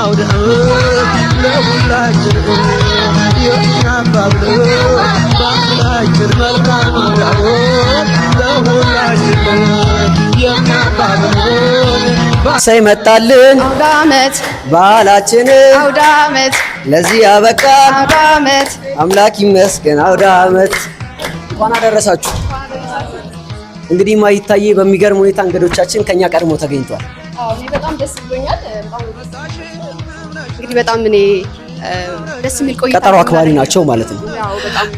እሰይ መጣልን አውደ ዓመት በዓላችንን ለዚህ ያበቃ አውደ አምላክ ይመስገን። አውደ እንኳን አደረሳችሁ። እንግዲህ ማይታዬ በሚገርም ሁኔታ እንግዶቻችን ከኛ ቀድሞ ተገኝቷል። በጣም ደስ ብሎኛል። በጣም እኔ ደስ የሚል ቆይታ ቀጠሮ አክባሪ ናቸው ማለት ነው።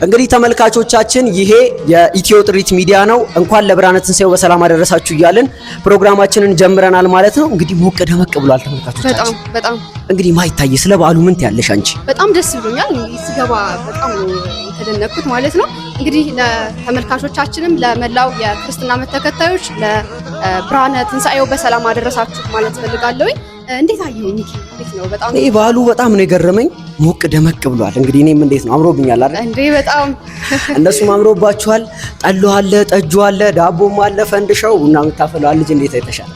እንግዲህ ተመልካቾቻችን ይሄ የኢትዮ ጥሪት ሚዲያ ነው። እንኳን ለብርሃነ ትንሣኤው በሰላም አደረሳችሁ እያልን ፕሮግራማችንን ጀምረናል ማለት ነው። እንግዲህ ሞቅ ደመቅ ብሏል ተመልካቾቻችን። በጣም እንግዲህ ማይታይ ስለ በዓሉ ምን ትያለሽ አንቺ? በጣም ደስ ብሎኛል ስገባ በጣም የተደነቅኩት ማለት ነው። እንግዲህ ለተመልካቾቻችንም ለመላው የክርስትና እምነት ተከታዮች ለብርሃነ ትንሣኤው በሰላም አደረሳችሁ ማለት ፈልጋለሁኝ። እንዴት አየሁ? እንዴት ነው? በጣም ይሄ ባህሉ በጣም ነው የገረመኝ። ሞቅ ደመቅ ብሏል። እንግዲህ እኔም እንዴት ነው አምሮብኛል አይደል እንዴ? በጣም እነሱም አምሮባችኋል። አለ፣ ጠጁ አለ፣ ዳቦም አለ፣ ፈንድሻው፣ ቡና የምታፈለው ልጅ እንዴት አይተሻል?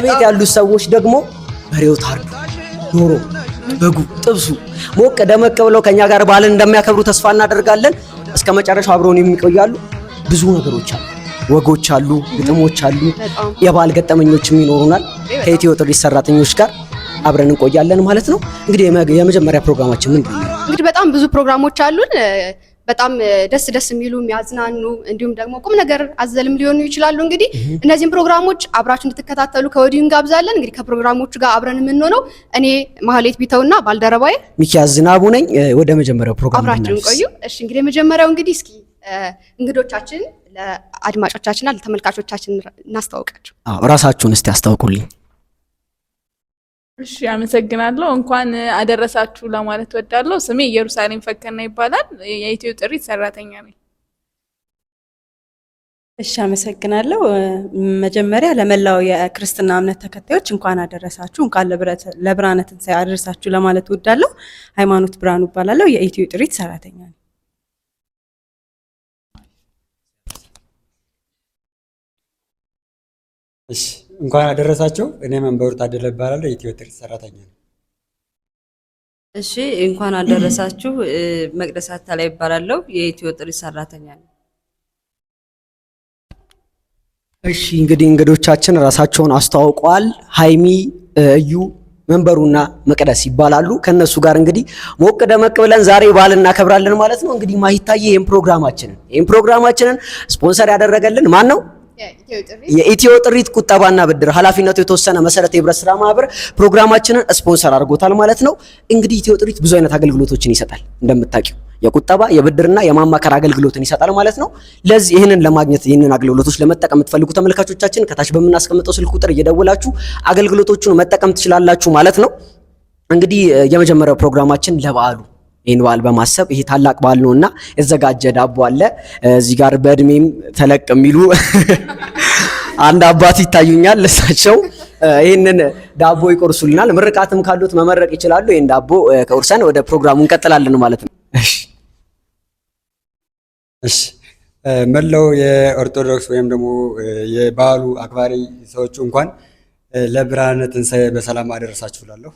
እቤት ያሉት ሰዎች ደግሞ በሬው ታርዱ፣ ዶሮ፣ በጉ፣ ጥብሱ ሞቅ ደመቅ ብለው ከኛ ጋር በዓልን እንደሚያከብሩ ተስፋ እናደርጋለን። እስከ መጨረሻው አብረውን የሚቆያሉ። ብዙ ነገሮች አሉ ወጎች አሉ፣ ግጥሞች አሉ፣ የባህል ገጠመኞችም ይኖሩናል። ከኢትዮ ቱሪስት ሰራተኞች ጋር አብረን እንቆያለን ማለት ነው። እንግዲህ የመጀመሪያ ፕሮግራማችን ምንድን ነው? እንግዲህ በጣም ብዙ ፕሮግራሞች አሉን። በጣም ደስ ደስ የሚሉ የሚያዝናኑ እንዲሁም ደግሞ ቁም ነገር አዘልም ሊሆኑ ይችላሉ። እንግዲህ እነዚህም ፕሮግራሞች አብራችሁ እንድትከታተሉ ከወዲሁ እንጋብዛለን። እንግዲህ ከፕሮግራሞቹ ጋር አብረን የምንሆነው እኔ ማህሌት ቢተውና ባልደረባዬ ሚኪያ ዝናቡ ነኝ። ወደ መጀመሪያው ፕሮግራም አብራችሁን ቆዩ። እሺ እንግዲህ የመጀመሪያው እንግዲህ እስኪ እንግዶቻችን ለአድማጮቻችንና ለተመልካቾቻችን እናስታውቃቸው። ራሳችሁን እስቲ አስታውቁልኝ። እሺ፣ አመሰግናለሁ። እንኳን አደረሳችሁ ለማለት ወዳለሁ። ስሜ ኢየሩሳሌም ፈከና ይባላል። የኢትዮ ጥሪት ሰራተኛ ነኝ። እሺ፣ አመሰግናለሁ። መጀመሪያ ለመላው የክርስትና እምነት ተከታዮች እንኳን አደረሳችሁ፣ እንኳን ለብርሃነ ትንሣኤ አደረሳችሁ ለማለት ወዳለሁ። ሃይማኖት ብርሃኑ ይባላለሁ። የኢትዮ ጥሪት ሰራተኛ ነኝ። እሺ እንኳን አደረሳችሁ። እኔ መንበሩ ታደለ እባላለሁ የኢትዮ ትርት ሰራተኛ ነው። እሺ እንኳን አደረሳችሁ። መቅደስ አታላይ እባላለሁ የኢትዮ ትርት ሰራተኛ ነው። እሺ እንግዲህ እንግዶቻችን ራሳቸውን አስተዋውቀዋል። ሀይሚ፣ እዩ፣ መንበሩና መቅደስ ይባላሉ። ከነሱ ጋር እንግዲህ ሞቅ ደመቅ ብለን ዛሬ በዓል እናከብራለን ማለት ነው። እንግዲህ ማይታየ ይህም ፕሮግራማችንን ይህም ፕሮግራማችንን ስፖንሰር ያደረገልን ማን ነው? የኢትዮ ጥሪት ቁጠባና ብድር ኃላፊነቱ የተወሰነ መሰረት የህብረት ስራ ማህበር ፕሮግራማችንን ስፖንሰር አድርጎታል ማለት ነው። እንግዲህ ኢትዮ ጥሪት ብዙ አይነት አገልግሎቶችን ይሰጣል እንደምታውቂው የቁጠባ የብድርና የማማከር አገልግሎትን ይሰጣል ማለት ነው። ለዚህ ይህንን ለማግኘት ይህንን አገልግሎቶች ለመጠቀም የምትፈልጉ ተመልካቾቻችን ከታች በምናስቀምጠው ስልክ ቁጥር እየደወላችሁ አገልግሎቶቹን መጠቀም ትችላላችሁ ማለት ነው። እንግዲህ የመጀመሪያው ፕሮግራማችን ለበዓሉ ይህን በዓል በማሰብ ይሄ ታላቅ በዓል ነው እና የተዘጋጀ ዳቦ አለ። እዚህ ጋር በእድሜም ተለቅ የሚሉ አንድ አባት ይታዩኛል። እሳቸው ይህንን ዳቦ ይቆርሱልናል። ምርቃትም ካሉት መመረቅ ይችላሉ። ይህን ዳቦ ከቁርሰን ወደ ፕሮግራሙ እንቀጥላለን ማለት ነው። እሺ መላው የኦርቶዶክስ ወይም ደግሞ የበዓሉ አክባሪ ሰዎቹ እንኳን ለብርሃነ ትንሣኤ በሰላም አደረሳችሁ እላለሁ።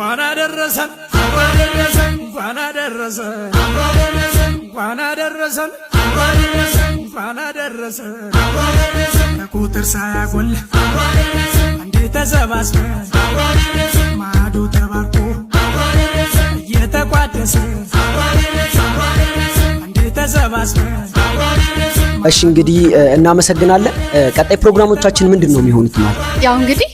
እንኳን አደረሰን እንኳን አደረሰን እንኳን አደረሰን እንኳን አደረሰን ከቁጥር ሳያጎል እንዴ ተሰባስበን ማዶ ተባርኮ እየተቋደሰ እንዴ ተሰባስበን እሺ እንግዲህ እናመሰግናለን። ቀጣይ ፕሮግራሞቻችን ምንድን ነው የሚሆኑት? ማለት ያው እንግዲህ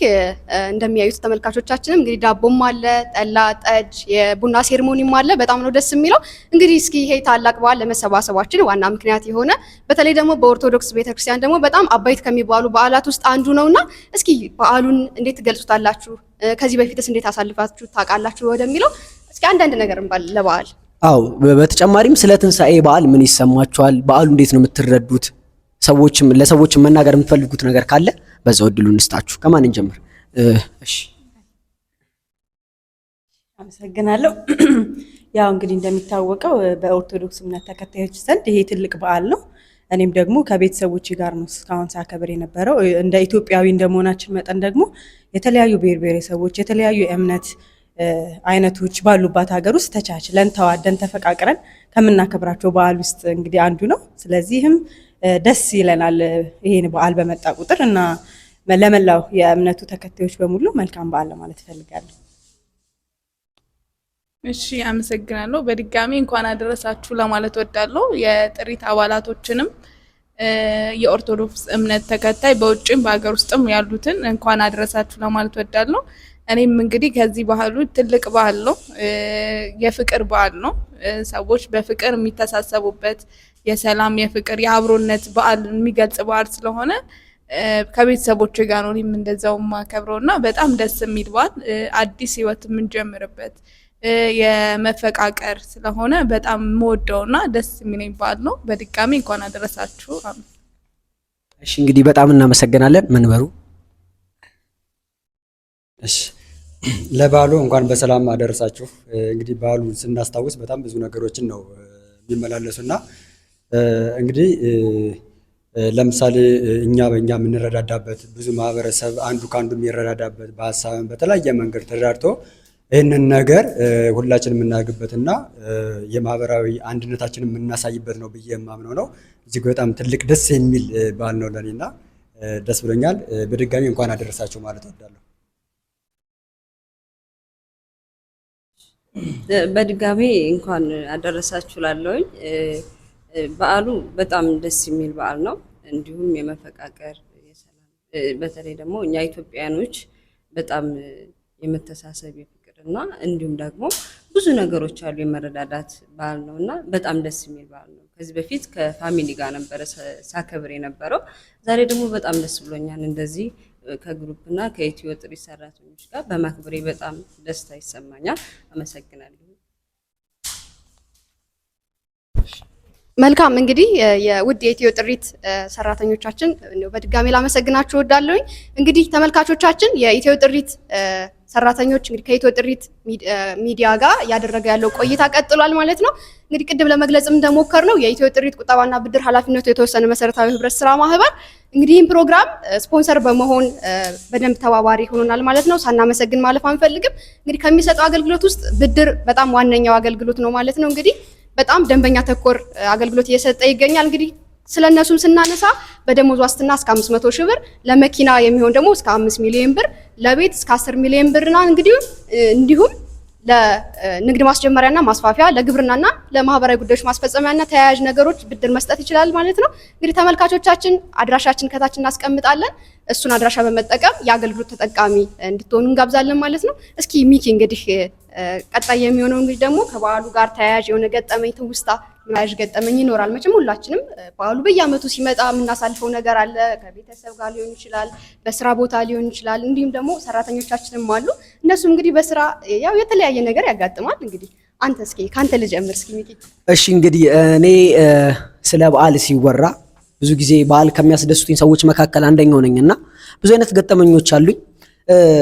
እንደሚያዩት ተመልካቾቻችንም እንግዲህ ዳቦም አለ፣ ጠላ፣ ጠጅ፣ የቡና ሴርሞኒም አለ። በጣም ነው ደስ የሚለው። እንግዲህ እስኪ ይሄ ታላቅ በዓል ለመሰባሰባችን ዋና ምክንያት የሆነ በተለይ ደግሞ በኦርቶዶክስ ቤተክርስቲያን ደግሞ በጣም አበይት ከሚባሉ በዓላት ውስጥ አንዱ ነውና እስኪ በዓሉን እንዴት ትገልጹታላችሁ? ከዚህ በፊትስ እንዴት አሳልፋችሁ ታውቃላችሁ? ወደሚለው እስኪ አንዳንድ ነገር ለበዓል አው በተጨማሪም ስለ ትንሣኤ በዓል ምን ይሰማችኋል? በዓሉ እንዴት ነው የምትረዱት? ሰዎችም ለሰዎች መናገር የምትፈልጉት ነገር ካለ በዛው እድሉ እንስጣችሁ። ከማን እንጀምር? እሺ አመሰግናለሁ። ያው እንግዲህ እንደሚታወቀው በኦርቶዶክስ እምነት ተከታዮች ዘንድ ይሄ ትልቅ በዓል ነው። እኔም ደግሞ ከቤተሰቦች ጋር ነው እስካሁን ሳከብር የነበረው። እንደ ኢትዮጵያዊ እንደመሆናችን መጠን ደግሞ የተለያዩ ብሔር ብሔረሰቦች የተለያዩ እምነት አይነቶች ባሉባት ሀገር ውስጥ ተቻችለን ተዋደን ተፈቃቅረን ከምናከብራቸው በዓል ውስጥ እንግዲህ አንዱ ነው። ስለዚህም ደስ ይለናል ይሄን በዓል በመጣ ቁጥር እና ለመላው የእምነቱ ተከታዮች በሙሉ መልካም በዓል ለማለት እፈልጋለሁ። እሺ፣ አመሰግናለሁ። በድጋሚ እንኳን አደረሳችሁ ለማለት ወዳለሁ። የጥሪት አባላቶችንም የኦርቶዶክስ እምነት ተከታይ በውጭም በሀገር ውስጥም ያሉትን እንኳን አደረሳችሁ ለማለት ወዳለሁ። እኔም እንግዲህ ከዚህ ባህሉ ትልቅ ባህል ነው፣ የፍቅር በዓል ነው። ሰዎች በፍቅር የሚተሳሰቡበት የሰላም የፍቅር የአብሮነት በዓል የሚገልጽ በዓል ስለሆነ ከቤተሰቦች ጋር ነው እኔም እንደዛው ማከብረው እና በጣም ደስ የሚል በዓል አዲስ ህይወት የምንጀምርበት የመፈቃቀር ስለሆነ በጣም የምወደው እና ደስ የሚለኝ በዓል ነው። በድጋሚ እንኳን አደረሳችሁ። እሺ እንግዲህ በጣም እናመሰግናለን መንበሩ እሺ ለባሉ እንኳን በሰላም አደረሳችሁ። እንግዲህ ባሉ ስናስታውስ በጣም ብዙ ነገሮችን ነው የሚመላለሱና እንግዲህ ለምሳሌ እኛ በእኛ የምንረዳዳበት ብዙ ማህበረሰብ አንዱ ከአንዱ የሚረዳዳበት በሀሳብን በተለያየ መንገድ ተዳርቶ ይህንን ነገር ሁላችን የምናደርግበትና የማህበራዊ አንድነታችን የምናሳይበት ነው ብዬ የማምነው ነው። እጅግ በጣም ትልቅ ደስ የሚል በዓል ነው ለእኔና ደስ ብሎኛል። በድጋሚ እንኳን አደረሳችሁ ማለት እወዳለሁ። በድጋሚ እንኳን አደረሳችሁ ላለውኝ በዓሉ በጣም ደስ የሚል በዓል ነው። እንዲሁም የመፈቃቀር የሰላም በተለይ ደግሞ እኛ ኢትዮጵያኖች በጣም የመተሳሰብ የፍቅር እና እንዲሁም ደግሞ ብዙ ነገሮች አሉ የመረዳዳት በዓል ነው እና በጣም ደስ የሚል በዓል ነው። ከዚህ በፊት ከፋሚሊ ጋር ነበረ ሳከብር የነበረው። ዛሬ ደግሞ በጣም ደስ ብሎኛል እንደዚህ ከግሩፕ እና ከኢትዮ ጥሪ ሰራተኞች ጋር በማክበሬ በጣም ደስታ ይሰማኛል። አመሰግናለሁ። መልካም እንግዲህ የውድ የኢትዮ ጥሪት ሰራተኞቻችን በድጋሚ ላመሰግናችሁ እወዳለሁኝ። እንግዲህ ተመልካቾቻችን የኢትዮ ጥሪት ሰራተኞች እንግዲህ ከኢትዮ ጥሪት ሚዲያ ጋር እያደረገ ያለው ቆይታ ቀጥሏል ማለት ነው። እንግዲህ ቅድም ለመግለጽም እንደሞከር ነው የኢትዮ ጥሪት ቁጠባና ብድር ኃላፊነቱ የተወሰነ መሰረታዊ ህብረት ስራ ማህበር እንግዲህ ይህን ፕሮግራም ስፖንሰር በመሆን በደንብ ተባባሪ ሆኖናል ማለት ነው። ሳናመሰግን ማለፍ አንፈልግም። እንግዲህ ከሚሰጠው አገልግሎት ውስጥ ብድር በጣም ዋነኛው አገልግሎት ነው ማለት ነው። እንግዲህ በጣም ደንበኛ ተኮር አገልግሎት እየሰጠ ይገኛል እንግዲህ ስለ እነሱም ስናነሳ በደሞዝ ዋስትና እስከ 500 ሺህ ብር፣ ለመኪና የሚሆን ደግሞ እስከ 5 ሚሊዮን ብር፣ ለቤት እስከ 10 ሚሊዮን ብርና እንግዲህ እንዲሁም ለንግድ ማስጀመሪያና ማስፋፊያ፣ ለግብርናና ለማህበራዊ ጉዳዮች ማስፈጸሚያና ተያያዥ ነገሮች ብድር መስጠት ይችላል ማለት ነው። እንግዲህ ተመልካቾቻችን አድራሻችን ከታች እናስቀምጣለን። እሱን አድራሻ በመጠቀም የአገልግሎት ተጠቃሚ እንድትሆኑ እንጋብዛለን ማለት ነው። እስኪ ሚኪ እንግዲህ ቀጣይ የሚሆነው እንግዲህ ደግሞ ከበዓሉ ጋር ተያያዥ የሆነ ገጠመኝ ትውስታ መያዥ ገጠመኝ ይኖራል። መቼም ሁላችንም በዓሉ በየዓመቱ ሲመጣ የምናሳልፈው ነገር አለ። ከቤተሰብ ጋር ሊሆን ይችላል፣ በስራ ቦታ ሊሆን ይችላል። እንዲሁም ደግሞ ሰራተኞቻችንም አሉ። እነሱም እንግዲህ በስራ ያው የተለያየ ነገር ያጋጥማል። እንግዲህ አንተ እስኪ ከአንተ ልጀምር እስኪ ሚኪ። እሺ እንግዲህ እኔ ስለ በዓል ሲወራ ብዙ ጊዜ በዓል ከሚያስደስቱኝ ሰዎች መካከል አንደኛው ነኝ እና ብዙ አይነት ገጠመኞች አሉኝ።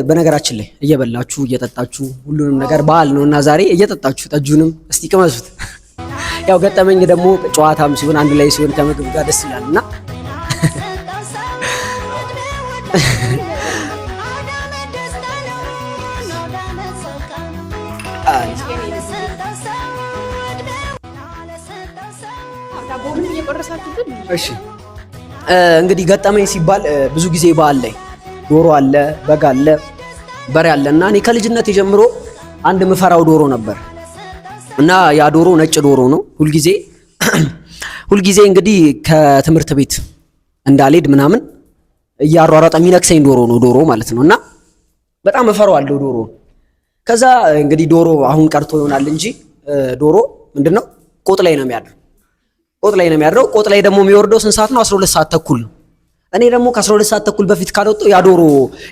በነገራችን ላይ እየበላችሁ እየጠጣችሁ ሁሉንም ነገር በዓል ነው እና ዛሬ እየጠጣችሁ ጠጁንም እስቲ ቅመሱት ያው ገጠመኝ ደግሞ ጨዋታም ሲሆን አንድ ላይ ሲሆን ከምግብ ጋር ደስ ይላል እና እሺ እንግዲህ ገጠመኝ ሲባል ብዙ ጊዜ በዓል ላይ ዶሮ አለ፣ በግ አለ፣ በሬ አለ እና እኔ ከልጅነት ጀምሮ አንድ ምፈራው ዶሮ ነበር። እና ያ ዶሮ ነጭ ዶሮ ነው። ሁልጊዜ ሁልጊዜ እንግዲህ ከትምህርት ቤት እንዳልሄድ ምናምን እያሯሯጠ የሚነክሰኝ ዶሮ ነው ዶሮ ማለት ነው። እና በጣም እፈራዋለሁ ዶሮ። ከዛ እንግዲህ ዶሮ አሁን ቀርቶ ይሆናል እንጂ ዶሮ ምንድነው ቆጥ ላይ ነው የሚያድረው። ቆጥ ላይ ነው የሚያድረው። ቆጥ ላይ ደግሞ የሚወርደው ስንት ሰዓት ነው? 12 ሰዓት ተኩል ነው። እኔ ደግሞ ከ12 ሰዓት ተኩል በፊት ካልወጣሁ ያ ዶሮ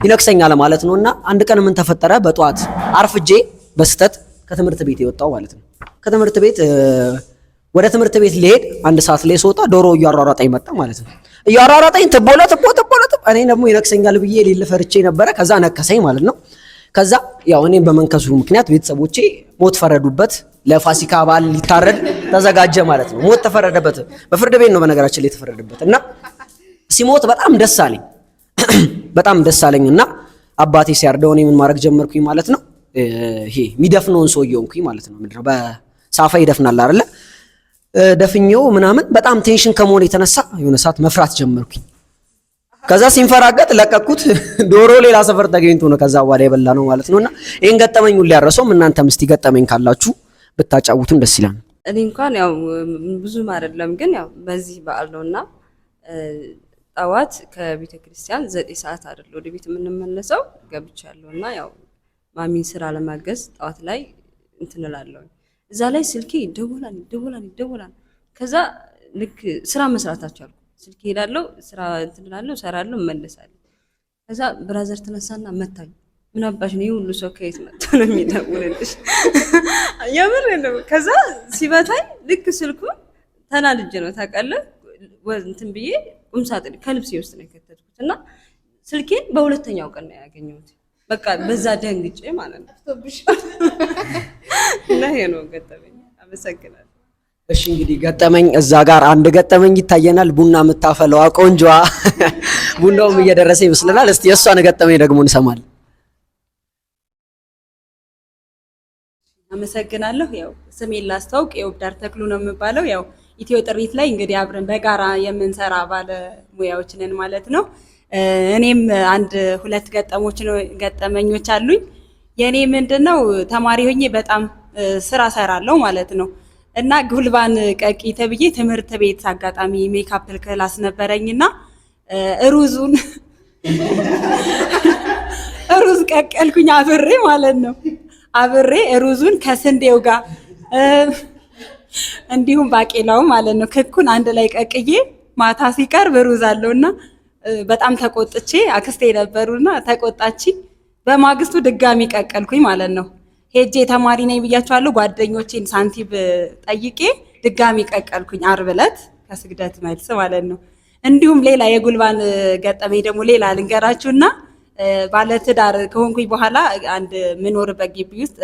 ይነክሰኛል ማለት ነው። እና አንድ ቀን ምን ተፈጠረ? በጠዋት አርፍጄ በስተት ከትምህርት ቤት የወጣው ማለት ነው። ከትምህርት ቤት ወደ ትምህርት ቤት ሊሄድ አንድ ሰዓት ላይ ስወጣ ዶሮ እያሯሯጠኝ መጣ ማለት ነው። እያሯሯጠኝ ትቦለ ትቦ ትቦለ ትቦ እኔ ደግሞ ይነክሰኛል ብዬ ሌለ ፈርቼ ነበረ። ከዛ ነከሰኝ ማለት ነው። ከዛ ያው እኔም በመንከሱ ምክንያት ቤተሰቦቼ ሞት ፈረዱበት። ለፋሲካ በዓል ሊታረድ ተዘጋጀ ማለት ነው። ሞት ተፈረደበት። በፍርድ ቤት ነው በነገራችን ላይ የተፈረደበት እና ሲሞት በጣም ደስ አለኝ። በጣም ደስ አለኝ እና አባቴ ሲያርደው እኔ ምን ማድረግ ጀመርኩኝ ማለት ነው ይሄ የሚደፍነውን ሰው ሆንኩኝ ማለት ነው። ምንድነው በሳፋ ይደፍናል አይደለ? ደፍኘው ምናምን በጣም ቴንሽን ከመሆን የተነሳ የሆነ ሰዓት መፍራት ጀመርኩኝ። ከዛ ሲንፈራገጥ ለቀኩት። ዶሮ ሌላ ሰፈር ተገኝቶ ነው ከዛ በኋላ የበላ ነው ማለት ነውና ይሄን ገጠመኝ ሁሉ ያረሰውም እናንተም እስቲ ገጠመኝ ካላችሁ ብታጫውቱን ደስ ይላል። እኔ እንኳን ያው ብዙም አይደለም ግን ያው በዚህ በዓል ነውና ጠዋት ከቤተ ክርስቲያን ዘጠኝ ሰዓት አይደል ወደ ቤት የምንመለሰው እና ያው ማሚን ስራ ለማገዝ ጠዋት ላይ እንትንላለው እዛ ላይ ስልኬ ይደወላል ይደወላል ይደወላል። ከዛ ልክ ስራ መስራታቸው አልኩ። ስልኬ ሄዳለው ስራ እንትንላለው ሰራለው እመለሳለሁ። ከዛ ብራዘር ተነሳና መታኝ። ምን አባሽ ነው ሁሉ ሰው ከየት መጥቶ ነው የሚደውልልሽ? የምር ነው። ከዛ ሲበታኝ ልክ ስልኩ ተናድጄ ነው ታውቃለህ፣ እንትን ብዬ ቁምሳጥን ከልብሴ ውስጥ ነው የከተትኩት እና ስልኬን በሁለተኛው ቀን ነው ያገኘሁት። በቃ በዛ ደንግጬ ማለት ነው እና ይሄ ነው ገጠመኝ። አመሰግናለሁ። እሺ እንግዲህ ገጠመኝ እዛ ጋር አንድ ገጠመኝ ይታየናል። ቡና የምታፈለዋ ቆንጆዋ ቡናውም እየደረሰ ይመስልናል። እስቲ የእሷን ገጠመኝ ደግሞ እንሰማለን። አመሰግናለሁ። ያው ስሜን ላስታውቅ የውብዳር ተክሉ ነው የምባለው። ያው ኢትዮ ጥሪት ላይ እንግዲህ አብረን በጋራ የምንሰራ ባለሙያዎች ነን ማለት ነው። እኔም አንድ ሁለት ገጠሞች ገጠመኞች አሉኝ። የእኔ ምንድን ነው ተማሪ ሆኜ በጣም ስራ ሰራለሁ ማለት ነው እና ጉልባን ቀቂ ተብዬ ትምህርት ቤት አጋጣሚ ሜካፕ ክላስ ነበረኝና ሩዙን ሩዝ ቀቀልኩኝ አብሬ ማለት ነው አብሬ ሩዙን ከስንዴው ጋር እንዲሁም ባቄላው ማለት ነው ክኩን አንድ ላይ ቀቅዬ ማታ ሲቀርብ ሩዝ አለውና በጣም ተቆጥቼ አክስቴ ነበሩና ተቆጣች። በማግስቱ ድጋሚ ቀቀልኩኝ ማለት ነው። ሄጄ ተማሪ ነኝ ብያቸዋለሁ። ጓደኞቼን ሳንቲም ጠይቄ ድጋሚ ቀቀልኩኝ፣ አርብ ዕለት ከስግደት መልስ ማለት ነው። እንዲሁም ሌላ የጉልባን ገጠመኝ ደግሞ ሌላ ልንገራችሁና ባለትዳር ከሆንኩኝ በኋላ አንድ ምኖርበት ግቢ ውስጥ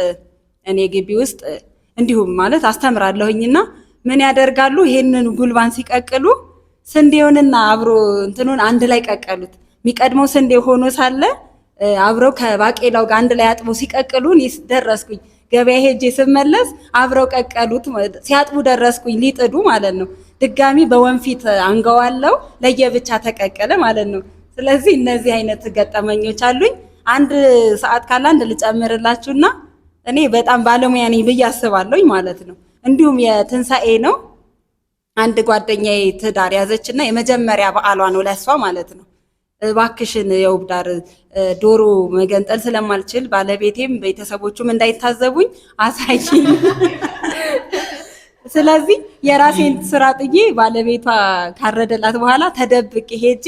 እኔ ግቢ ውስጥ እንዲሁም ማለት አስተምራለሁኝና ምን ያደርጋሉ ይሄንን ጉልባን ሲቀቅሉ ስንዴውንና አብሮ እንትኑን አንድ ላይ ቀቀሉት። የሚቀድመው ስንዴ ሆኖ ሳለ አብረው ከባቄላው ጋር አንድ ላይ አጥቦ ሲቀቅሉ ደረስኩኝ። ገበያ ሄጄ ስመለስ አብረው ቀቀሉት። ሲያጥቡ ደረስኩኝ፣ ሊጥዱ ማለት ነው። ድጋሚ በወንፊት አንገዋለው ለየብቻ ተቀቀለ ማለት ነው። ስለዚህ እነዚህ አይነት ገጠመኞች አሉኝ። አንድ ሰዓት ካለ አንድ ልጨምርላችሁና እኔ በጣም ባለሙያ ነኝ ብዬ አስባለሁኝ ማለት ነው። እንዲሁም የትንሣኤ ነው አንድ ጓደኛዬ ትዳር ያዘች እና የመጀመሪያ በዓሏ ነው ለሷ ማለት ነው። እባክሽን የውብ ዳር ዶሮ መገንጠል ስለማልችል ባለቤቴም ቤተሰቦቹም እንዳይታዘቡኝ አሳይኝ። ስለዚህ የራሴን ስራ ጥዬ ባለቤቷ ካረደላት በኋላ ተደብቄ ሄጄ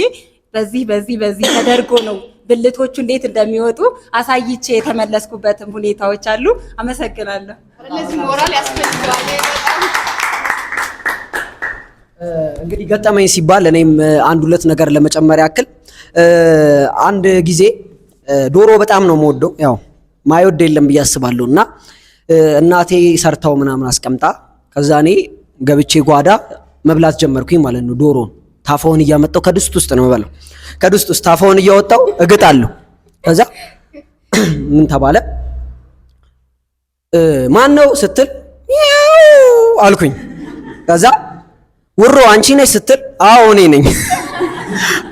በዚህ በዚህ በዚህ ተደርጎ ነው ብልቶቹ እንዴት እንደሚወጡ አሳይቼ የተመለስኩበትም ሁኔታዎች አሉ። አመሰግናለሁ። እንግዲህ ገጠመኝ ሲባል እኔም አንድ ሁለት ነገር ለመጨመር ያክል አንድ ጊዜ ዶሮ በጣም ነው የምወደው፣ ያው ማይወድ የለም ብዬ አስባለሁ። እና እናቴ ሰርታው ምናምን አስቀምጣ ከዛ እኔ ገብቼ ጓዳ መብላት ጀመርኩኝ ማለት ነው። ዶሮን ታፋውን እያመጣው ከድስት ውስጥ ነው የምበላው፣ ከድስት ውስጥ ታፋውን እያወጣው እግጣለሁ። ከዛ ምን ተባለ ማን ነው ስትል አልኩኝ። ከዛ ውሮ አንቺ ነሽ ስትል አዎ እኔ ነኝ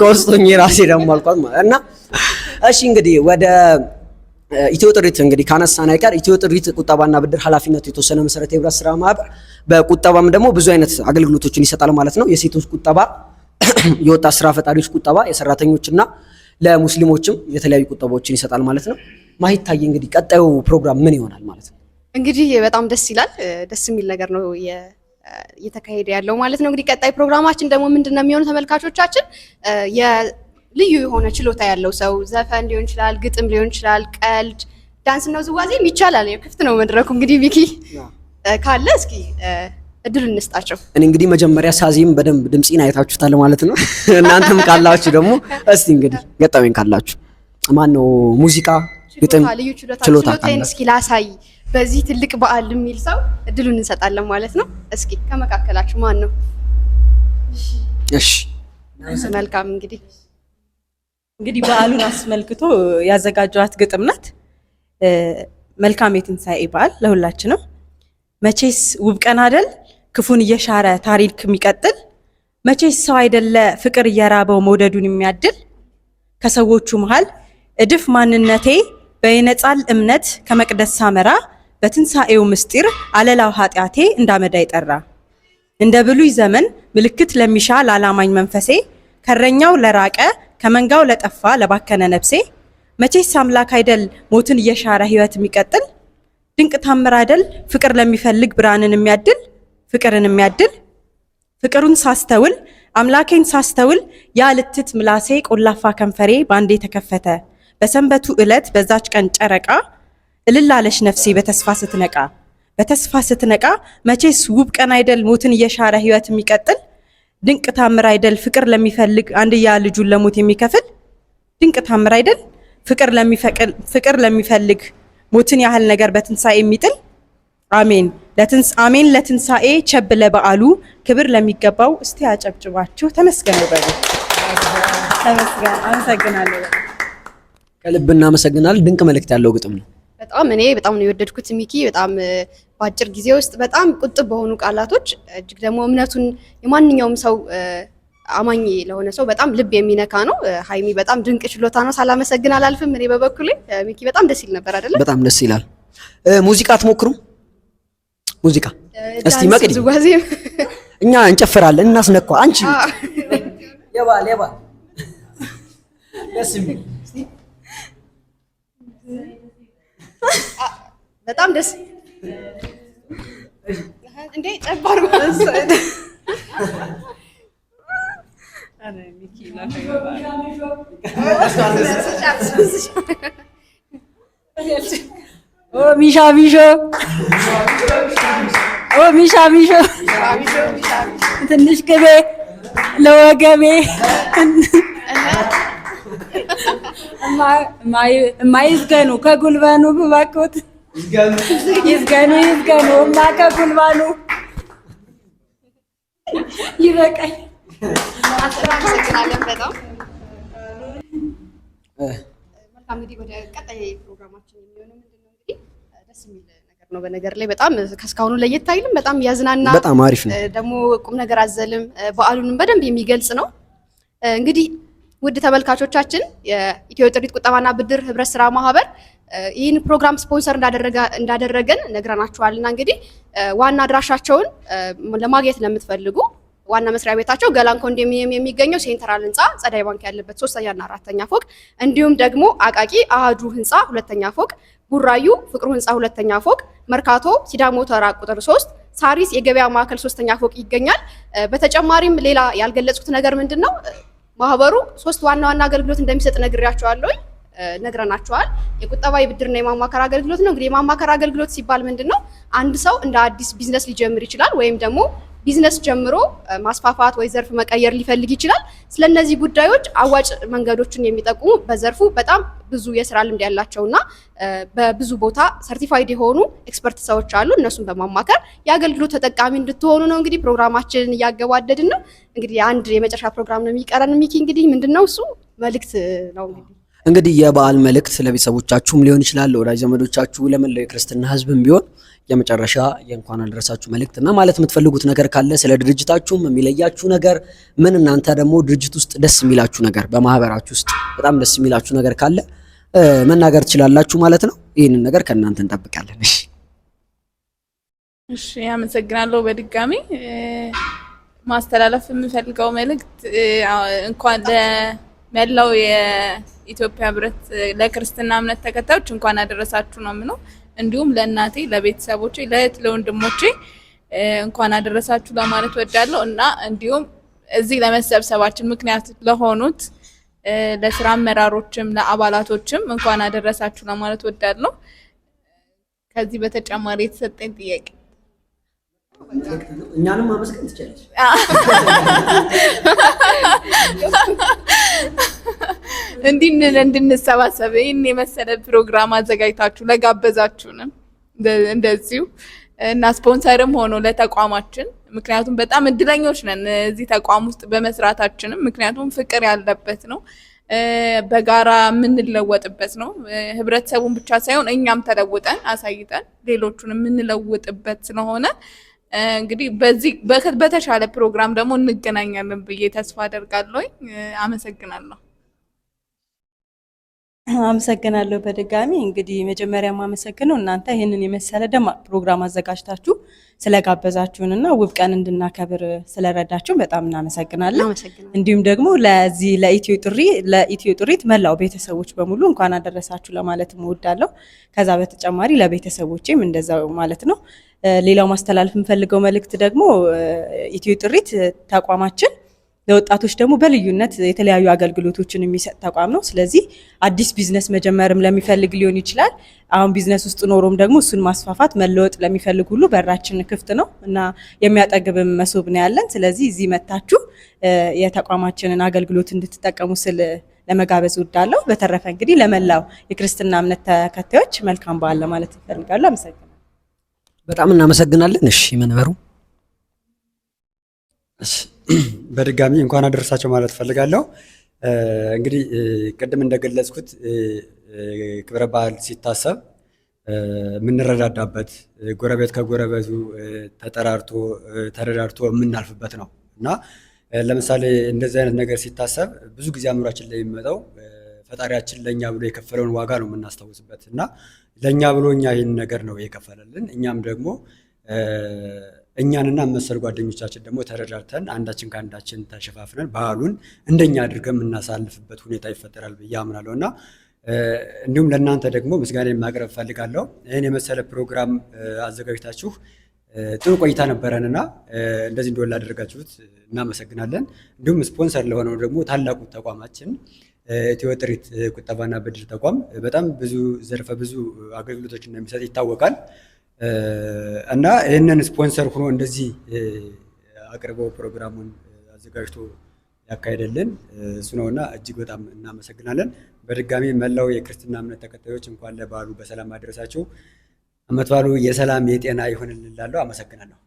ከውስጡኝ ራሴ ደግሞ አልኳት ማለት እና እሺ እንግዲህ ወደ ኢትዮ ጥሪት እንግዲህ ካነሳን አይቀር ኢትዮ ጥሪት ቁጠባና ብድር ኃላፊነቱ የተወሰነ መሰረተ የህብረት ስራ ማህበር በቁጠባም ደግሞ ብዙ አይነት አገልግሎቶችን ይሰጣል ማለት ነው። የሴቶች ቁጠባ፣ የወጣት ስራ ፈጣሪዎች ቁጠባ፣ የሰራተኞችና ለሙስሊሞችም የተለያዩ ቁጠባዎችን ይሰጣል ማለት ነው። ማይታይ እንግዲህ ቀጣዩ ፕሮግራም ምን ይሆናል ማለት ነው? እንግዲህ በጣም ደስ ይላል። ደስ የሚል ነገር ነው እየተካሄደ ያለው ማለት ነው። እንግዲህ ቀጣይ ፕሮግራማችን ደግሞ ምንድን ነው የሚሆኑ ተመልካቾቻችን ልዩ የሆነ ችሎታ ያለው ሰው ዘፈን ሊሆን ይችላል፣ ግጥም ሊሆን ይችላል፣ ቀልድ፣ ዳንስ ነው ዝዋዜም ይቻላል። ክፍት ነው መድረኩ። እንግዲህ ቪኪ ካለ እስኪ እድል እንስጣቸው። እኔ እንግዲህ መጀመሪያ ሳዚም በደንብ ድምፂን አይታችሁታል ማለት ነው። እናንተም ካላችሁ ደግሞ እስቲ እንግዲህ ገጠመኝ ካላችሁ ማን ነው ሙዚቃ፣ ግጥም፣ ችሎታ እስኪ ላሳይ በዚህ ትልቅ በዓል የሚል ሰው እድሉን እንሰጣለን ማለት ነው። እስኪ ከመካከላችሁ ማን ነው? እሺ መልካም እንግዲህ እንግዲህ በዓሉን አስመልክቶ ያዘጋጀዋት ግጥም ናት። መልካም የትንሣኤ በዓል ለሁላችንም። መቼስ ውብ ቀን አደል ክፉን እየሻረ ታሪክ የሚቀጥል መቼስ ሰው አይደለ ፍቅር እየራበው መውደዱን የሚያድል ከሰዎቹ መሃል እድፍ ማንነቴ በይነጻል እምነት ከመቅደስ ሳመራ በትንሣኤው ምስጢር አለላው ኃጢአቴ እንዳመዳ ይጠራ እንደ ብሉይ ዘመን ምልክት ለሚሻ ላላማኝ መንፈሴ ከረኛው ለራቀ ከመንጋው ለጠፋ ለባከነ ነፍሴ መቼስ አምላክ አይደል ሞትን እየሻረ ሕይወት የሚቀጥል ድንቅ ታምር አይደል ፍቅር ለሚፈልግ ብርሃንን የሚያድል ፍቅርን የሚያድል ፍቅሩን ሳስተውል አምላኬን ሳስተውል ያ ልትት ምላሴ ቆላፋ ከንፈሬ ባንዴ ተከፈተ በሰንበቱ ዕለት በዛች ቀን ጨረቃ እልላለሽ ነፍሴ በተስፋ ስትነቃ በተስፋ ስትነቃ መቼስ ውብ ቀን አይደል ሞትን እየሻረ ህይወት የሚቀጥል ድንቅ ታምር አይደል ፍቅር ለሚፈልግ አንድያ ልጁን ለሞት የሚከፍል ድንቅ ታምር አይደል ፍቅር ለሚፈልግ ሞትን ያህል ነገር በትንሣኤ የሚጥል አሜን አሜን ለትንሣኤ ቸብ ለበዓሉ ክብር ለሚገባው እስቲ አጨብጭባችሁ ተመስገን በሉ ተመስገን አመሰግናለሁ ከልብ እናመሰግናል ድንቅ መልእክት ያለው ግጥም ነው በጣም እኔ በጣም ነው የወደድኩት። ሚኪ በጣም በአጭር ጊዜ ውስጥ በጣም ቁጥብ በሆኑ ቃላቶች እጅግ ደግሞ እምነቱን የማንኛውም ሰው አማኝ ለሆነ ሰው በጣም ልብ የሚነካ ነው። ሀይሚ በጣም ድንቅ ችሎታ ነው፣ ሳላመሰግን አላልፍም። እኔ በበኩሌ ሚኪ በጣም ደስ ይል ነበር አይደለም? በጣም ደስ ይላል። ሙዚቃ አትሞክሩም? ሙዚቃ እስቲ መቅዲ እኛ እንጨፍራለን፣ እናስነኳ አንቺ የባ የባ ደስ የሚል በጣም ደስ እንዴ ጨባር ሚሻ ሚሾ ሚሻ ሚሾ ትንሽ ቅቤ ለወገቤ እማይዝገኑ ከጉልበኑ ብባክዎት ይዝገኑ ይዝገኑ እና ከጉልባኑ ይበቃኝ። መልካም። እንግዲህ ወደ ቀጣይ ፕሮግራማችን የሚሆነው ምንድን ነው? እንግዲህ ደስ የሚል ነገር ነው። በነገር ላይ በጣም ከእስካሁኑ ለየት አይልም። በጣም ያዝናና፣ በጣም አሪፍ ነው። ደግሞ ቁም ነገር አዘልም በዓሉንም በደንብ የሚገልጽ ነው። እንግዲህ ውድ ተመልካቾቻችን የኢትዮ ጥሪት ቁጠባና ብድር ህብረት ስራ ማህበር ይህን ፕሮግራም ስፖንሰር እንዳደረገን ነግረናችኋል እንግዲህ ዋና አድራሻቸውን ለማግኘት ለምትፈልጉ ዋና መስሪያ ቤታቸው ገላን ኮንዶሚኒየም የሚገኘው ሴንትራል ህንፃ ፀዳይ ባንክ ያለበት ሶስተኛና አራተኛ ፎቅ እንዲሁም ደግሞ አቃቂ አህዱ ህንፃ ሁለተኛ ፎቅ፣ ቡራዩ ፍቅሩ ህንፃ ሁለተኛ ፎቅ፣ መርካቶ ሲዳሞ ተራ ቁጥር ሶስት ሳሪስ የገበያ ማዕከል ሶስተኛ ፎቅ ይገኛል። በተጨማሪም ሌላ ያልገለጽኩት ነገር ምንድን ነው ማህበሩ ሶስት ዋና ዋና አገልግሎት እንደሚሰጥ ነግሬያቸዋለሁኝ። ነግረናቸዋል። የቁጠባ የብድርና የማማከር አገልግሎት ነው። እንግዲህ የማማከር አገልግሎት ሲባል ምንድን ነው? አንድ ሰው እንደ አዲስ ቢዝነስ ሊጀምር ይችላል ወይም ደግሞ ቢዝነስ ጀምሮ ማስፋፋት ወይ ዘርፍ መቀየር ሊፈልግ ይችላል። ስለነዚህ ጉዳዮች አዋጭ መንገዶችን የሚጠቁሙ በዘርፉ በጣም ብዙ የስራ ልምድ ያላቸውና በብዙ ቦታ ሰርቲፋይድ የሆኑ ኤክስፐርት ሰዎች አሉ። እነሱን በማማከር የአገልግሎት ተጠቃሚ እንድትሆኑ ነው። እንግዲህ ፕሮግራማችንን እያገባደድን ነው። እንግዲህ አንድ የመጨረሻ ፕሮግራም ነው የሚቀረን። ሚኪ እንግዲህ ምንድን ነው እሱ መልእክት ነው እንግዲህ እንግዲህ የበዓል መልእክት ለቤተሰቦቻችሁም ሊሆን ይችላል፣ ለወዳጅ ዘመዶቻችሁ፣ ለመላው የክርስትና ህዝብም ቢሆን የመጨረሻ የእንኳን አደረሳችሁ መልእክት እና ማለት የምትፈልጉት ነገር ካለ ስለ ድርጅታችሁም የሚለያችሁ ነገር ምን፣ እናንተ ደግሞ ድርጅት ውስጥ ደስ የሚላችሁ ነገር፣ በማህበራችሁ ውስጥ በጣም ደስ የሚላችሁ ነገር ካለ መናገር ትችላላችሁ ማለት ነው። ይህንን ነገር ከእናንተ እንጠብቃለን። እሺ፣ አመሰግናለሁ በድጋሚ ማስተላለፍ የምፈልገው መልእክት እንኳን ለመላው ኢትዮጵያ ህብረት ለክርስትና እምነት ተከታዮች እንኳን አደረሳችሁ ነው የምለው። እንዲሁም ለእናቴ፣ ለቤተሰቦቼ፣ ለእህት ለወንድሞቼ እንኳን አደረሳችሁ ለማለት ወዳለሁ እና እንዲሁም እዚህ ለመሰብሰባችን ምክንያት ለሆኑት ለስራ አመራሮችም ለአባላቶችም እንኳን አደረሳችሁ ለማለት ወዳለሁ። ከዚህ በተጨማሪ የተሰጠኝ ጥያቄ እኛንም አመስገን ትችላለች። እንዲህ እንድንሰባሰብ ይህን የመሰለ ፕሮግራም አዘጋጅታችሁ ለጋበዛችሁንም እንደዚሁ እና ስፖንሰርም ሆኖ ለተቋማችን ምክንያቱም በጣም እድለኞች ነን እዚህ ተቋም ውስጥ በመስራታችንም ምክንያቱም ፍቅር ያለበት ነው በጋራ የምንለወጥበት ነው። ህብረተሰቡን ብቻ ሳይሆን እኛም ተለውጠን አሳይተን ሌሎቹን የምንለውጥበት ስለሆነ እንግዲህ በዚህ በተሻለ ፕሮግራም ደግሞ እንገናኛለን ብዬ ተስፋ አደርጋለሁ። አመሰግናለሁ። አመሰግናለሁ። በድጋሚ እንግዲህ መጀመሪያ ማመሰግነው እናንተ ይህንን የመሰለ ደማቅ ፕሮግራም አዘጋጅታችሁ ስለጋበዛችሁንና ውብ ቀን እንድናከብር ስለረዳችሁን በጣም እናመሰግናለን። እንዲሁም ደግሞ ለዚህ ለኢትዮ ጥሪ ለኢትዮ ጥሪት መላው ቤተሰቦች በሙሉ እንኳን አደረሳችሁ ለማለት እወዳለሁ። ከዛ በተጨማሪ ለቤተሰቦችም እንደዛው ማለት ነው። ሌላው ማስተላለፍ የምፈልገው መልእክት ደግሞ ኢትዮ ጥሪት ተቋማችን ለወጣቶች ደግሞ በልዩነት የተለያዩ አገልግሎቶችን የሚሰጥ ተቋም ነው። ስለዚህ አዲስ ቢዝነስ መጀመርም ለሚፈልግ ሊሆን ይችላል። አሁን ቢዝነስ ውስጥ ኖሮም ደግሞ እሱን ማስፋፋት መለወጥ ለሚፈልግ ሁሉ በራችን ክፍት ነው እና የሚያጠግብም መሶብ ነው ያለን። ስለዚህ እዚህ መታችሁ የተቋማችንን አገልግሎት እንድትጠቀሙ ስል ለመጋበዝ እወዳለሁ። በተረፈ እንግዲህ ለመላው የክርስትና እምነት ተከታዮች መልካም በዓል ለማለት እፈልጋለሁ። አመሰግናለሁ። በጣም እናመሰግናለን። እሺ መንበሩ በድጋሚ እንኳን አደረሳቸው ማለት ፈልጋለሁ። እንግዲህ ቅድም እንደገለጽኩት ክብረ በዓል ሲታሰብ የምንረዳዳበት ጎረቤት ከጎረቤቱ ተጠራርቶ ተረዳርቶ የምናልፍበት ነው እና ለምሳሌ እንደዚህ አይነት ነገር ሲታሰብ ብዙ ጊዜ አእምሯችን ላይ የሚመጣው ፈጣሪያችን ለእኛ ብሎ የከፈለውን ዋጋ ነው የምናስታውስበት እና ለእኛ ብሎ እኛ ይህን ነገር ነው የከፈለልን እኛም ደግሞ እኛንና መሰል ጓደኞቻችን ደግሞ ተረዳርተን አንዳችን ከአንዳችን ተሸፋፍነን ባህሉን እንደኛ አድርገን የምናሳልፍበት ሁኔታ ይፈጠራል ብዬ አምናለሁ እና እንዲሁም ለእናንተ ደግሞ ምስጋና የማቅረብ እፈልጋለሁ። ይህን የመሰለ ፕሮግራም አዘጋጅታችሁ ጥሩ ቆይታ ነበረንና እንደዚህ እንደሆነ ላደረጋችሁት እናመሰግናለን። እንዲሁም ስፖንሰር ለሆነው ደግሞ ታላቁ ተቋማችን ኢትዮ ጥሪት ቁጠባና ብድር ተቋም በጣም ብዙ ዘርፈ ብዙ አገልግሎቶች እንደሚሰጥ ይታወቃል። እና ይህንን ስፖንሰር ሆኖ እንደዚህ አቅርበው ፕሮግራሙን አዘጋጅቶ ያካሄደልን እሱ ነውና እጅግ በጣም እናመሰግናለን። በድጋሚ መላው የክርስትና እምነት ተከታዮች እንኳን ለበዓሉ በሰላም አደረሳችሁ። አመት በዓሉ የሰላም የጤና ይሆንልን እላለሁ። አመሰግናለሁ።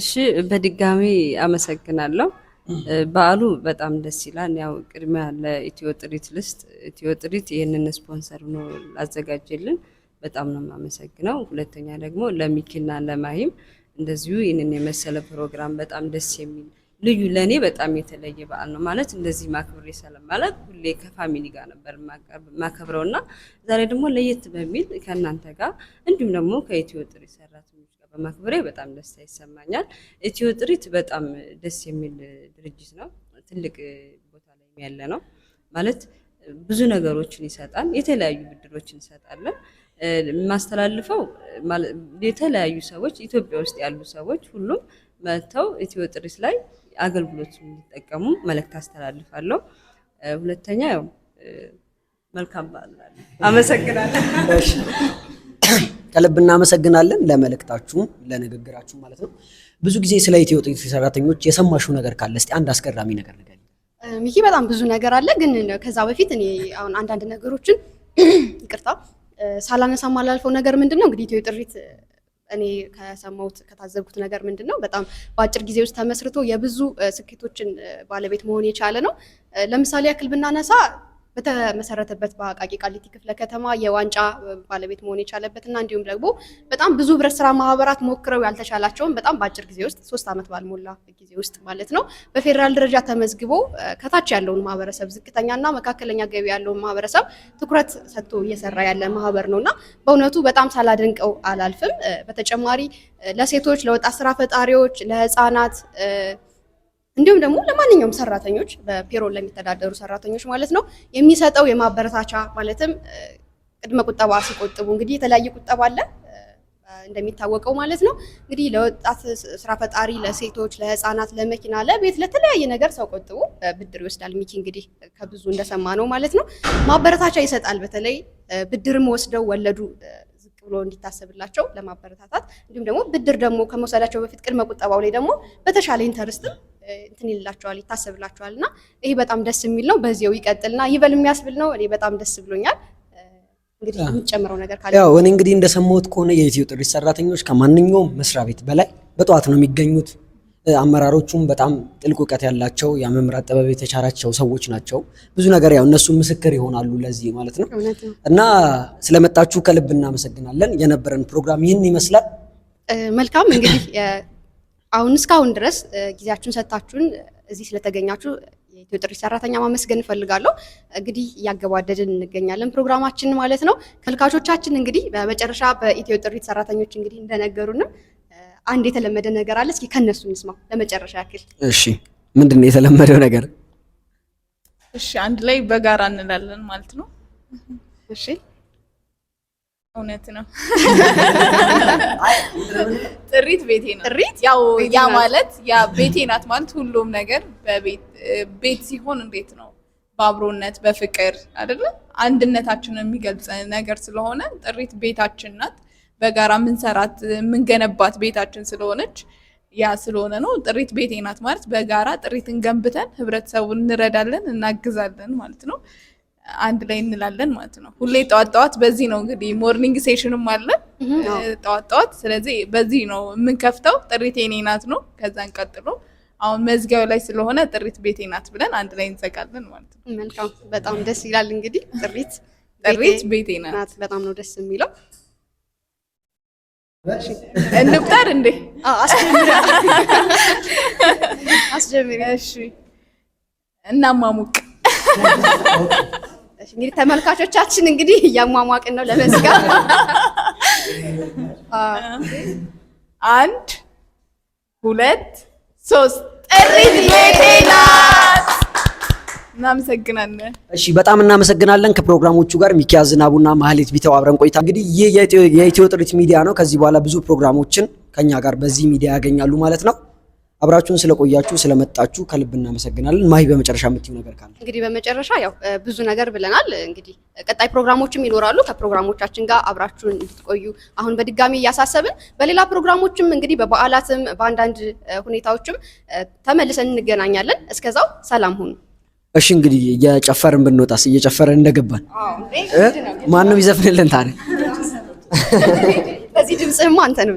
እሺ፣ በድጋሚ አመሰግናለሁ። በዓሉ በጣም ደስ ይላል። ያው ቅድሚያ ለኢትዮ ጥሪት ልስጥ። ኢትዮ ጥሪት ይህንን ስፖንሰር ነው ላዘጋጀልን በጣም ነው የማመሰግነው። ሁለተኛ ደግሞ ለሚኪና ለማሂም እንደዚሁ ይህንን የመሰለ ፕሮግራም በጣም ደስ የሚል ልዩ ለእኔ በጣም የተለየ በዓል ነው ማለት እንደዚህ ማክብሬ ሰለም ማለት ሁሌ ከፋሚሊ ጋር ነበር ማከብረው እና ዛሬ ደግሞ ለየት በሚል ከእናንተ ጋር እንዲሁም ደግሞ ከኢትዮ ጥሪ ሰራተኞች ጋር በማክብሬ በጣም ደስታ ይሰማኛል። ኢትዮ ጥሪት በጣም ደስ የሚል ድርጅት ነው። ትልቅ ቦታ ላይ ያለ ነው ማለት ብዙ ነገሮችን ይሰጣል። የተለያዩ ብድሮችን እንሰጣለን። የማስተላልፈው የተለያዩ ሰዎች ኢትዮጵያ ውስጥ ያሉ ሰዎች ሁሉም መጥተው ኢትዮ ጥሪስ ላይ አገልግሎት እንዲጠቀሙ መልእክት አስተላልፋለሁ። ሁለተኛ ያው መልካም በዓል። አመሰግናለን። ከልብ እናመሰግናለን ለመልእክታችሁም ለንግግራችሁ ማለት ነው። ብዙ ጊዜ ስለ ኢትዮ ጥሪት ሰራተኞች የሰማሽው ነገር ካለ እስኪ አንድ አስገራሚ ነገር ንገሪኝ። ሚኪ በጣም ብዙ ነገር አለ፣ ግን ከዛ በፊት እኔ አሁን አንዳንድ ነገሮችን ይቅርታ ሳላነሳ ማላልፈው ነገር ምንድን ነው እንግዲህ ኢትዮ ጥሪት እኔ ከሰማሁት ከታዘብኩት ነገር ምንድን ነው በጣም በአጭር ጊዜ ውስጥ ተመስርቶ የብዙ ስኬቶችን ባለቤት መሆን የቻለ ነው። ለምሳሌ ያክል ብናነሳ በተመሰረተበት በአቃቂ ቃሊቲ ክፍለ ከተማ የዋንጫ ባለቤት መሆን የቻለበትና እንዲሁም ደግሞ በጣም ብዙ ህብረት ስራ ማህበራት ሞክረው ያልተቻላቸውን በጣም በአጭር ጊዜ ውስጥ ሶስት ዓመት ባልሞላ ጊዜ ውስጥ ማለት ነው በፌዴራል ደረጃ ተመዝግቦ ከታች ያለውን ማህበረሰብ ዝቅተኛና መካከለኛ ገቢ ያለውን ማህበረሰብ ትኩረት ሰጥቶ እየሰራ ያለ ማህበር ነው እና በእውነቱ በጣም ሳላደንቀው አላልፍም። በተጨማሪ ለሴቶች፣ ለወጣት ስራ ፈጣሪዎች፣ ለህፃናት እንዲሁም ደግሞ ለማንኛውም ሰራተኞች በፔሮል ለሚተዳደሩ ሰራተኞች ማለት ነው የሚሰጠው የማበረታቻ ማለትም ቅድመ ቁጠባ ሲቆጥቡ እንግዲህ የተለያየ ቁጠባ አለ እንደሚታወቀው ማለት ነው። እንግዲህ ለወጣት ስራ ፈጣሪ፣ ለሴቶች፣ ለህፃናት፣ ለመኪና፣ ለቤት፣ ለተለያየ ነገር ሰው ቆጥቦ ብድር ይወስዳል። ሚኪ እንግዲህ ከብዙ እንደሰማ ነው ማለት ነው ማበረታቻ ይሰጣል። በተለይ ብድርም ወስደው ወለዱ ዝቅ ብሎ እንዲታሰብላቸው ለማበረታታት እንዲሁም ደግሞ ብድር ደግሞ ከመውሰዳቸው በፊት ቅድመ ቁጠባው ላይ ደግሞ በተሻለ ኢንተርስትም እንትን ይላቸዋል፣ ይታሰብላቸዋል። እና ይሄ በጣም ደስ የሚል ነው። በዚው ይቀጥልና ይበል የሚያስብል ነው። እኔ በጣም ደስ ብሎኛል። እንግዲህ የምትጨምረው ነገር ካለ? ያው እኔ እንግዲህ እንደሰማሁት ከሆነ የኢትዮ ጥሪ ሰራተኞች ከማንኛውም መስሪያ ቤት በላይ በጠዋት ነው የሚገኙት። አመራሮቹም በጣም ጥልቅ እውቀት ያላቸው የመምራት ጥበብ የተቻራቸው ሰዎች ናቸው። ብዙ ነገር ያው እነሱ ምስክር ይሆናሉ ለዚህ ማለት ነው። እና ስለመጣችሁ ከልብ እናመሰግናለን። የነበረን ፕሮግራም ይህን ይመስላል። መልካም እንግዲህ አሁን እስካሁን ድረስ ጊዜያችሁን ሰጥታችሁን እዚህ ስለተገኛችሁ የኢትዮ ጥሪ ሰራተኛ ማመስገን እንፈልጋለሁ እንግዲህ እያገባደድን እንገኛለን ፕሮግራማችን ማለት ነው። ከልካቾቻችን እንግዲህ በመጨረሻ በኢትዮ ጥሪ ሰራተኞች እንግዲህ እንደነገሩንም አንድ የተለመደ ነገር አለ። እስኪ ከነሱ እንስማ ለመጨረሻ ያክል። እሺ፣ ምንድን ነው የተለመደው ነገር? እሺ፣ አንድ ላይ በጋራ እንላለን ማለት ነው። እሺ እውነት ነው። ጥሪት ቤቴ ነው። ጥሪት ያው ያ ማለት ያ ቤቴ ናት ማለት ሁሉም ነገር በቤት ቤት ሲሆን እንዴት ነው በአብሮነት በፍቅር አይደለ አንድነታችንን የሚገልጽ ነገር ስለሆነ ጥሪት ቤታችን ናት። በጋራ ምንሰራት የምንገነባት ቤታችን ስለሆነች ያ ስለሆነ ነው ጥሪት ቤቴ ናት ማለት በጋራ ጥሪትን ገንብተን ህብረተሰቡን እንረዳለን እናግዛለን ማለት ነው። አንድ ላይ እንላለን ማለት ነው። ሁሌ ጠዋት ጠዋት በዚህ ነው እንግዲህ ሞርኒንግ ሴሽንም አለን ጠዋት ጠዋት። ስለዚህ በዚህ ነው የምንከፍተው። ጥሪት የኔ ናት ነው። ከዛን ቀጥሎ አሁን መዝጊያው ላይ ስለሆነ ጥሪት ቤቴ ናት ብለን አንድ ላይ እንዘጋለን ማለት ነው። መልካም፣ በጣም ደስ ይላል። እንግዲህ ጥሪት ጥሪት ቤቴ ናት በጣም ነው ደስ የሚለው። እንቁጠር እንዴ! አስጀምሪ። እሺ እናማሙቅ እንግዲህ ተመልካቾቻችን እንግዲህ እያሟሟቅን ነው ለመዝጋት አንድ ሁለት ሶስት ጥሪት እናመሰግናለን። እሺ በጣም እናመሰግናለን። ከፕሮግራሞቹ ጋር ሚኪያ ዝናቡና ማህሌት ቢተው አብረን ቆይታ። እንግዲህ ይህ የኢትዮ ጥሪት ሚዲያ ነው። ከዚህ በኋላ ብዙ ፕሮግራሞችን ከኛ ጋር በዚህ ሚዲያ ያገኛሉ ማለት ነው። አብራችሁን ስለቆያችሁ ስለመጣችሁ ከልብ እናመሰግናለን። ማሂ በመጨረሻ የምትይው ነገር ካለ? እንግዲህ በመጨረሻ ያው ብዙ ነገር ብለናል። እንግዲህ ቀጣይ ፕሮግራሞችም ይኖራሉ። ከፕሮግራሞቻችን ጋር አብራችሁን እንድትቆዩ አሁን በድጋሚ እያሳሰብን፣ በሌላ ፕሮግራሞችም እንግዲህ በበዓላትም በአንዳንድ ሁኔታዎችም ተመልሰን እንገናኛለን። እስከዛው ሰላም ሁኑ። እሺ እንግዲህ እየጨፈርን ብንወጣስ? እየጨፈርን እንደገባን ማንም ይዘፍንልን ታዲያ። በዚህ ድምፅህማ ነው።